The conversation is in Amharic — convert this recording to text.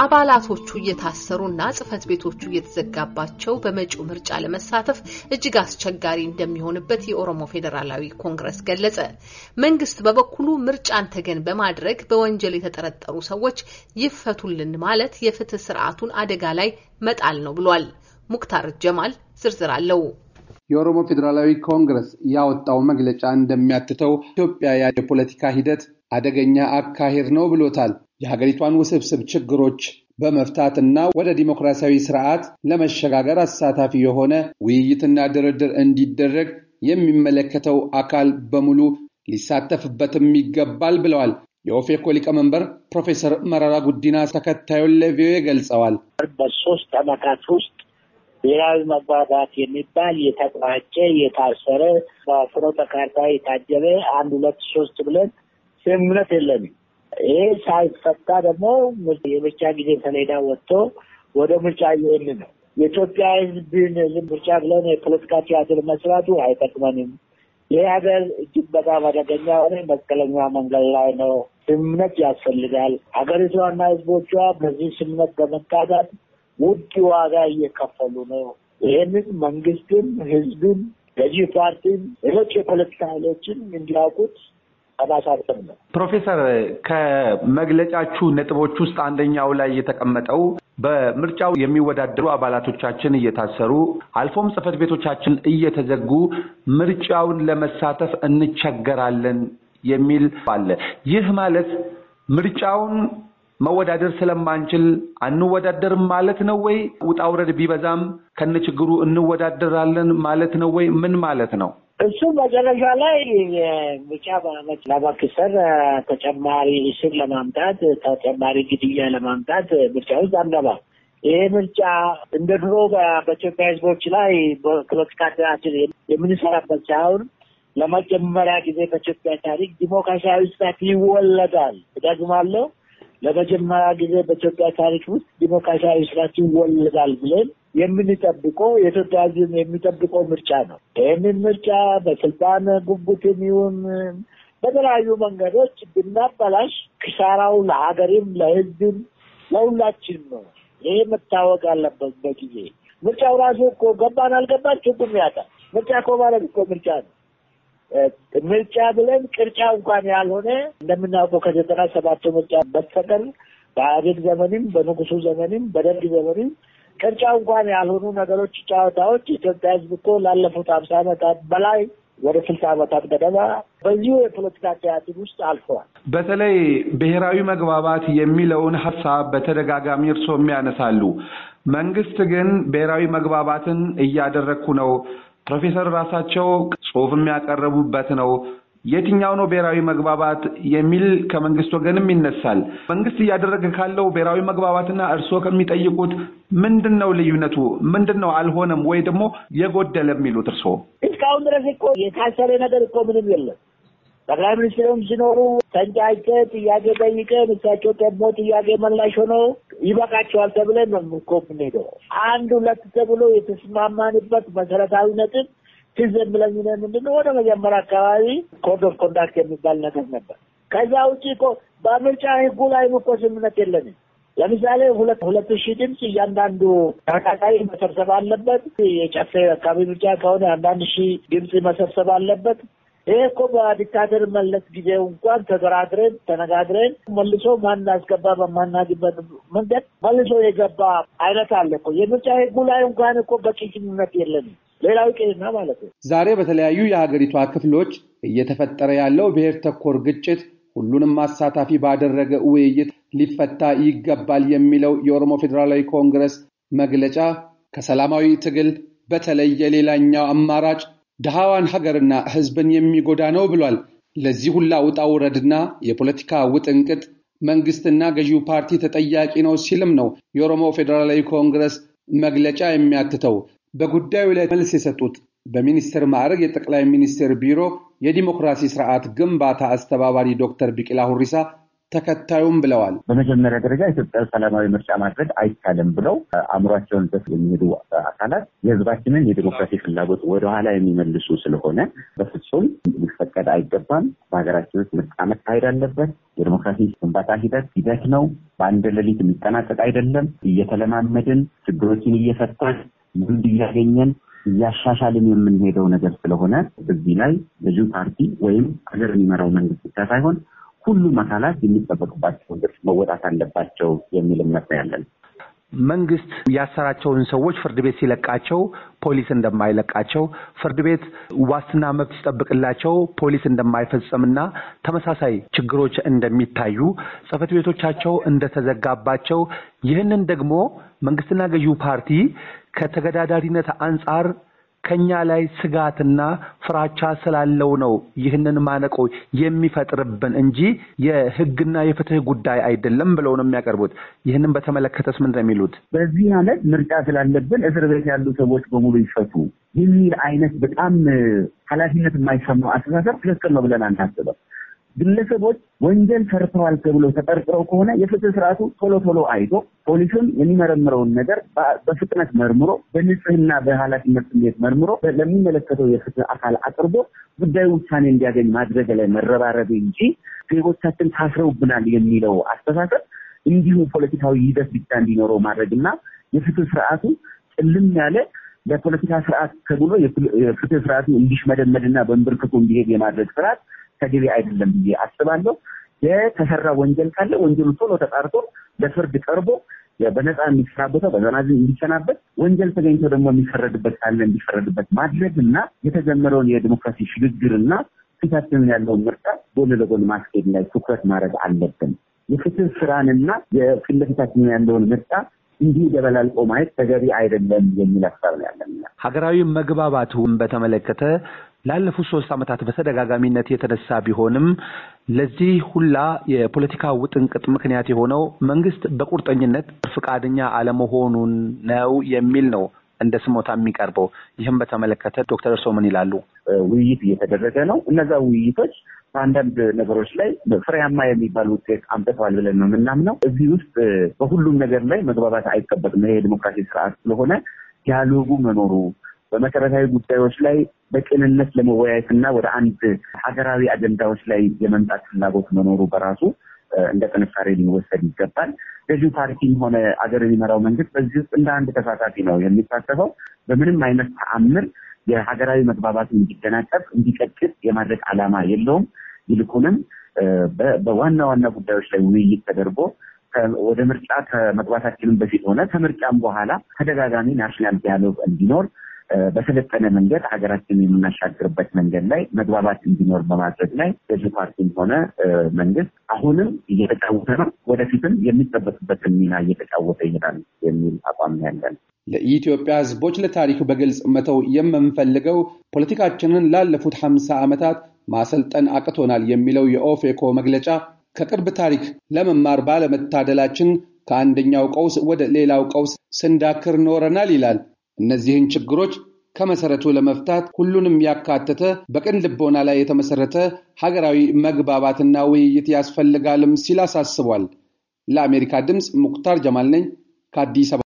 አባላቶቹ እየታሰሩና ጽህፈት ቤቶቹ እየተዘጋባቸው በመጪው ምርጫ ለመሳተፍ እጅግ አስቸጋሪ እንደሚሆንበት የኦሮሞ ፌዴራላዊ ኮንግረስ ገለጸ። መንግስት በበኩሉ ምርጫን ተገን በማድረግ በወንጀል የተጠረጠሩ ሰዎች ይፈቱልን ማለት የፍትህ ስርዓቱን አደጋ ላይ መጣል ነው ብሏል። ሙክታር ጀማል ዝርዝር አለው። የኦሮሞ ፌዴራላዊ ኮንግረስ ያወጣው መግለጫ እንደሚያትተው ኢትዮጵያ የፖለቲካ ሂደት አደገኛ አካሄድ ነው ብሎታል። የሀገሪቷን ውስብስብ ችግሮች በመፍታትና ወደ ዲሞክራሲያዊ ስርዓት ለመሸጋገር አሳታፊ የሆነ ውይይትና ድርድር እንዲደረግ የሚመለከተው አካል በሙሉ ሊሳተፍበትም ይገባል ብለዋል። የኦፌኮ ሊቀመንበር ፕሮፌሰር መረራ ጉዲና ተከታዩን ለቪኦኤ ገልጸዋል። በሶስት ዓመታት ውስጥ ብሔራዊ መግባባት የሚባል የተቋጨ የታሰረ በፍኖተ ካርታ የታጀበ አንድ ሁለት ሶስት ብለን ስምምነት የለንም። ይሄ ሳይፈታ ደግሞ የምርጫ ጊዜ ሰሌዳ ወጥቶ ወደ ምርጫ እየሄን ነው። የኢትዮጵያ ሕዝብን ምርጫ ብለን የፖለቲካ ቲያትር መስራቱ አይጠቅመንም። ይህ ሀገር እጅግ በጣም አደገኛ ሆነ መስቀለኛ መንገድ ላይ ነው። ስምምነት ያስፈልጋል። ሀገሪቷና ሕዝቦቿ በዚህ ስምምነት በመታዛት ውድ ዋጋ እየከፈሉ ነው። ይህንን መንግስትም፣ ህዝብም፣ ገዢ ፓርቲም፣ ሌሎች የፖለቲካ ኃይሎችን እንዲያውቁት አማሳሰብ ነው። ፕሮፌሰር ከመግለጫችሁ ነጥቦች ውስጥ አንደኛው ላይ የተቀመጠው በምርጫው የሚወዳደሩ አባላቶቻችን እየታሰሩ አልፎም ጽህፈት ቤቶቻችን እየተዘጉ ምርጫውን ለመሳተፍ እንቸገራለን የሚል አለ። ይህ ማለት ምርጫውን መወዳደር ስለማንችል አንወዳደርም ማለት ነው ወይ? ውጣ ውረድ ቢበዛም ከነችግሩ እንወዳደራለን ማለት ነው ወይ? ምን ማለት ነው? እሱ መጨረሻ ላይ ምርጫ በዓመት ለመክሰር ተጨማሪ እስር ለማምጣት ተጨማሪ ግድያ ለማምጣት ምርጫ ውስጥ አንገባ። ይህ ምርጫ እንደ ድሮ በኢትዮጵያ ሕዝቦች ላይ ፖለቲካ ድራችን የምንሰራበት ሳይሆን ለመጀመሪያ ጊዜ በኢትዮጵያ ታሪክ ዲሞክራሲያዊ ስርዓት ይወለዳል። እደግማለሁ ለመጀመሪያ ጊዜ በኢትዮጵያ ታሪክ ውስጥ ዲሞክራሲያዊ ስርዓት ይወለዳል ብለን የምንጠብቀው የኢትዮጵያ ሕዝብ የሚጠብቀው ምርጫ ነው። ይህንን ምርጫ በስልጣን ጉቡትም ይሁን በተለያዩ መንገዶች ብናበላሽ ክሳራው ለሀገርም፣ ለሕዝብም፣ ለሁላችን ነው። ይህ መታወቅ አለበት። በጊዜ ምርጫው ራሱ እኮ ገባን አልገባችሁም ያውቃል። ምርጫ እኮ ማለት እኮ ምርጫ ነው። ምርጫ ብለን ቅርጫ እንኳን ያልሆነ እንደምናውቀው ከዘጠና ሰባቱ ምርጫ በስተቀር በአደግ ዘመንም በንጉሱ ዘመንም በደርግ ዘመንም ቅርጫ እንኳን ያልሆኑ ነገሮች፣ ጨዋታዎች ኢትዮጵያ ሕዝብ እኮ ላለፉት ሀምሳ ዓመታት በላይ ወደ ስልሳ ዓመታት ገደማ በዚሁ የፖለቲካ አካያትን ውስጥ አልፈዋል። በተለይ ብሔራዊ መግባባት የሚለውን ሀሳብ በተደጋጋሚ እርስዎም ያነሳሉ። መንግስት ግን ብሔራዊ መግባባትን እያደረግኩ ነው ፕሮፌሰር ራሳቸው ጽሁፍም ያቀረቡበት ነው። የትኛው ነው ብሔራዊ መግባባት የሚል ከመንግስት ወገንም ይነሳል። መንግስት እያደረገ ካለው ብሔራዊ መግባባትና እርስዎ ከሚጠይቁት ምንድን ነው ልዩነቱ? ምንድን ነው አልሆነም ወይ ደግሞ የጎደለ የሚሉት እርስዎ? እስካሁን ድረስ እኮ የታሰረ ነገር እኮ ምንም የለም። ጠቅላይ ሚኒስትሩም ሲኖሩ ተንጫጭ ጥያቄ ጠይቀን እሳቸው ደግሞ ጥያቄ መላሽ ሆኖ ይበቃቸዋል ተብለን ነው እኮ የምንሄደው። አንድ ሁለት ተብሎ የተስማማንበት መሰረታዊ ነጥብ ትዝ የሚለኝ ምንድነው ወደ መጀመሪያ አካባቢ ኮድ ኦፍ ኮንዳክት የሚባል ነገር ነበር። ከዛ ውጭ እኮ በምርጫ ህጉ ላይ እኮ ስምምነት የለንም። ለምሳሌ ሁለት ሁለት ሺህ ድምፅ እያንዳንዱ ተከታታይ መሰብሰብ አለበት። የጨፌ አካባቢ ምርጫ ከሆነ አንዳንድ ሺህ ድምፅ መሰብሰብ አለበት። ይህ እኮ በዲክታተር መለስ ጊዜ እንኳን ተደራድረን ተነጋግረን መልሶ ማን አስገባ በማናግበት መንገድ መልሶ የገባ አይነት አለ እኮ። የምርጫ ህጉ ላይ እንኳን እኮ በቂ ግንኙነት የለንም። ሌላው ማለት ነው። ዛሬ በተለያዩ የሀገሪቷ ክፍሎች እየተፈጠረ ያለው ብሔር ተኮር ግጭት ሁሉንም አሳታፊ ባደረገ ውይይት ሊፈታ ይገባል የሚለው የኦሮሞ ፌዴራላዊ ኮንግረስ መግለጫ ከሰላማዊ ትግል በተለየ ሌላኛው አማራጭ ድሃዋን ሀገርና ህዝብን የሚጎዳ ነው ብሏል። ለዚህ ሁላ ውጣ ውረድና የፖለቲካ ውጥንቅጥ መንግስትና ገዢው ፓርቲ ተጠያቂ ነው ሲልም ነው የኦሮሞ ፌዴራላዊ ኮንግረስ መግለጫ የሚያትተው። በጉዳዩ ላይ መልስ የሰጡት በሚኒስትር ማዕረግ የጠቅላይ ሚኒስትር ቢሮ የዲሞክራሲ ስርዓት ግንባታ አስተባባሪ ዶክተር ቢቂላ ሁሪሳ ተከታዩም ብለዋል። በመጀመሪያ ደረጃ ኢትዮጵያ ሰላማዊ ምርጫ ማድረግ አይቻልም ብለው አእምሯቸውን ዘፍ የሚሄዱ አካላት የህዝባችንን የዲሞክራሲ ፍላጎት ወደኋላ የሚመልሱ ስለሆነ በፍጹም ሊፈቀድ አይገባም። በሀገራችን ውስጥ ምርጫ መካሄድ አለበት። የዲሞክራሲ ግንባታ ሂደት ሂደት ነው። በአንድ ሌሊት የሚጠናቀቅ አይደለም። እየተለማመድን ችግሮችን እየፈታን ልምድ እያገኘን እያሻሻልን የምንሄደው ነገር ስለሆነ በዚህ ላይ ገዢው ፓርቲ ወይም ሀገር የሚመራው መንግስት ብቻ ሳይሆን ሁሉም አካላት የሚጠበቅባቸውን ድርሻ መወጣት አለባቸው የሚል እምነት ነው ያለን። መንግስት ያሰራቸውን ሰዎች ፍርድ ቤት ሲለቃቸው ፖሊስ እንደማይለቃቸው፣ ፍርድ ቤት ዋስትና መብት ሲጠብቅላቸው ፖሊስ እንደማይፈጽምና ተመሳሳይ ችግሮች እንደሚታዩ፣ ጽፈት ቤቶቻቸው እንደተዘጋባቸው፣ ይህንን ደግሞ መንግስትና ገዢው ፓርቲ ከተገዳዳሪነት አንጻር ከኛ ላይ ስጋትና ፍራቻ ስላለው ነው ይህንን ማነቆ የሚፈጥርብን እንጂ የህግና የፍትህ ጉዳይ አይደለም ብለው ነው የሚያቀርቡት። ይህንን በተመለከተስ ምንድን ነው የሚሉት? በዚህ ዓመት ምርጫ ስላለብን እስር ቤት ያሉ ሰዎች በሙሉ ይፈቱ የሚል አይነት በጣም ኃላፊነት የማይሰማው አስተሳሰብ ትክክል ነው ብለን አናስበም። ግለሰቦች ወንጀል ሰርተዋል ተብሎ ተጠርጥረው ከሆነ የፍትህ ስርዓቱ ቶሎ ቶሎ አይቶ ፖሊስም የሚመረምረውን ነገር በፍጥነት መርምሮ በንጽህና በኃላፊነት ስሜት መርምሮ ለሚመለከተው የፍትህ አካል አቅርቦ ጉዳዩ ውሳኔ እንዲያገኝ ማድረግ ላይ መረባረብ እንጂ ዜጎቻችን ታስረውብናል የሚለው አስተሳሰብ እንዲሁ ፖለቲካዊ ይዘት ብቻ እንዲኖረው ማድረግና የፍትህ ስርዓቱ ጭልም ያለ ለፖለቲካ ስርዓት ተብሎ የፍትህ ስርዓቱ እንዲሽመደመድና በእንብርክኩ እንዲሄድ የማድረግ ስርዓት ተገቢ አይደለም ብዬ አስባለሁ። የተሰራ ወንጀል ካለ ወንጀሉ ቶሎ ተጣርቶ ለፍርድ ቀርቦ በነፃ የሚሰናበተው በዘናዝ እንዲሰናበት ወንጀል ተገኝቶ ደግሞ የሚፈረድበት ካለ እንዲፈረድበት ማድረግ እና የተጀመረውን የዲሞክራሲ ሽግግር እና ፊታችንን ያለውን ምርጫ ጎን ለጎን ማስኬድ ላይ ትኩረት ማድረግ አለብን። የፍትህ ስራንና የፊት ለፊታችንን ያለውን ምርጫ እንዲህ ደበላልቆ ማየት ተገቢ አይደለም የሚል ሀሳብ ነው ያለን። ሀገራዊ መግባባቱን በተመለከተ ላለፉት ሶስት ዓመታት በተደጋጋሚነት የተነሳ ቢሆንም ለዚህ ሁላ የፖለቲካ ውጥንቅጥ ምክንያት የሆነው መንግስት በቁርጠኝነት ፈቃደኛ አለመሆኑን ነው የሚል ነው እንደ ስሞታ የሚቀርበው። ይህም በተመለከተ ዶክተር እርስዎ ምን ይላሉ? ውይይት እየተደረገ ነው። እነዛ ውይይቶች በአንዳንድ ነገሮች ላይ ፍሬያማ የሚባል ውጤት አምጥተዋል ብለን ነው የምናምነው። እዚህ ውስጥ በሁሉም ነገር ላይ መግባባት አይጠበቅም። ይሄ የዲሞክራሲ ስርዓት ስለሆነ ዲያሎጉ መኖሩ በመሰረታዊ ጉዳዮች ላይ በቅንነት ለመወያየት እና ወደ አንድ ሀገራዊ አጀንዳዎች ላይ የመምጣት ፍላጎት መኖሩ በራሱ እንደ ጥንካሬ ሊወሰድ ይገባል። ገዢው ፓርቲም ሆነ አገር የሚመራው መንግስት በዚህ ውስጥ እንደ አንድ ተሳታፊ ነው የሚሳተፈው። በምንም አይነት ተአምር የሀገራዊ መግባባት እንዲደናቀፍ እንዲቀጥል የማድረግ ዓላማ የለውም። ይልቁንም በዋና ዋና ጉዳዮች ላይ ውይይት ተደርጎ ወደ ምርጫ ከመግባታችንም በፊት ሆነ ከምርጫም በኋላ ተደጋጋሚ ናሽናል ዲያሎግ እንዲኖር በሰለጠነ መንገድ ሀገራችን የምናሻግርበት መንገድ ላይ መግባባት እንዲኖር በማድረግ ላይ ገዢ ፓርቲም ሆነ መንግስት አሁንም እየተጫወተ ነው፣ ወደፊትም የሚጠበቅበትን ሚና እየተጫወተ ይሄዳል የሚል አቋም ያለን ለኢትዮጵያ ሕዝቦች ለታሪክ በግልጽ መተው የምንፈልገው ፖለቲካችንን ላለፉት ሀምሳ ዓመታት ማሰልጠን አቅቶናል የሚለው የኦፌኮ መግለጫ ከቅርብ ታሪክ ለመማር ባለመታደላችን ከአንደኛው ቀውስ ወደ ሌላው ቀውስ ስንዳክር ኖረናል ይላል። እነዚህን ችግሮች ከመሰረቱ ለመፍታት ሁሉንም ያካተተ በቅን ልቦና ላይ የተመሰረተ ሀገራዊ መግባባትና ውይይት ያስፈልጋልም ሲል አሳስቧል። ለአሜሪካ ድምፅ ሙክታር ጀማል ነኝ ከአዲስ አበባ።